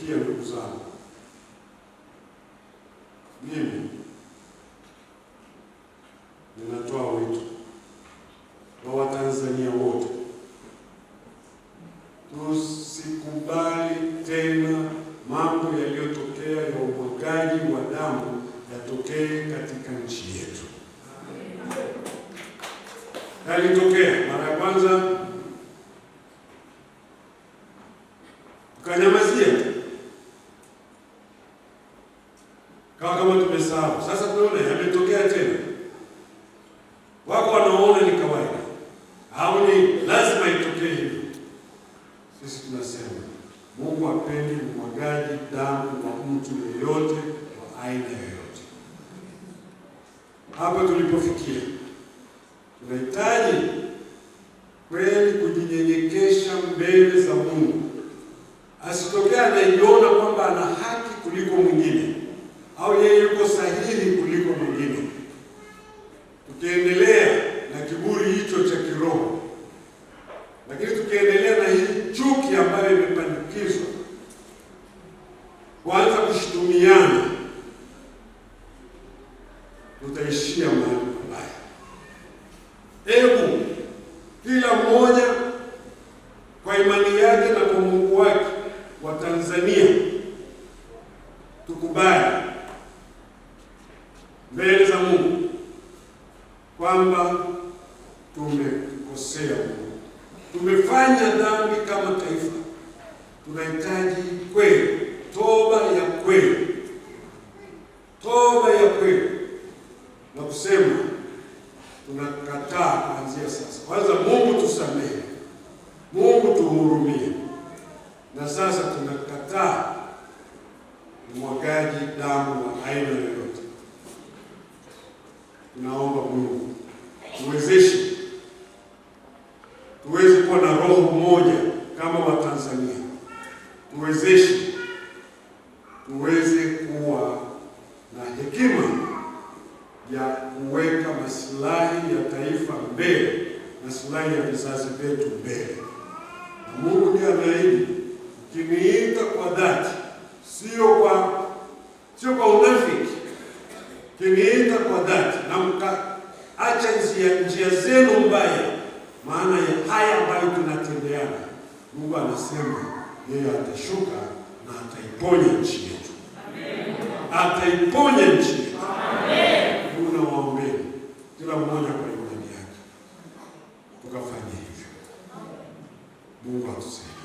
Sikia ndugu zangu, mimi ninatoa wito kwa Watanzania wote, tusikubali tena mambo yaliyotokea ya umwagaji wa damu yatokee katika nchi yetu. Yalitokea mara ya kwanza Kawa kama tumesahau. Sasa tunaona yametokea tena. Wako wanaona ni kawaida. ni lazima itokee hivyo. Sisi tunasema Mungu apendi mwagaji damu wa mtu yeyote wa aina yoyote. Hapo tulipofikia, tunahitaji kweli kujinyenyekesha mbele za Mungu, asitokea anaiona kwamba ana haki kuliko mwingine au yeye yuko sahihi kuliko mwingine. Tukiendelea na kiburi hicho cha kiroho, lakini tukiendelea na hii chuki ambayo imepandikizwa, kuanza kushutumiana, tutaishia mahali pabaya. Hebu kila mmoja kwa imani yake na kwa Mungu wake wa Tanzania tukubali kwamba tumekosea Mungu, tumefanya dhambi kama taifa. Tunahitaji kweli, toba ya kweli, toba ya kweli na kusema tunakataa kuanzia sasa. Kwanza Mungu tusamehe, Mungu tuhurumie. tunaomba Mungu tuwezeshe tuweze kuwa na roho moja kama Watanzania, tuwezeshe tuweze kuwa na hekima ya kuweka masilahi ya taifa mbele, masilahi ya vizazi vyetu mbele. Na Mungu ndiye anaahidi, ukiniita kwa dhati, sio kwa sio kwa unafiki kimeenda kwa dhati na mkaacha njia njia zenu mbaya, maana ya haya ambayo tunatendeana. Mungu anasema yeye atashuka na ataiponya nchi yetu, ataiponya nchi yetu. Mungu nawaombeni kila mmoja kwa imani yake, tukafanya hivyo. Mungu atusaidie.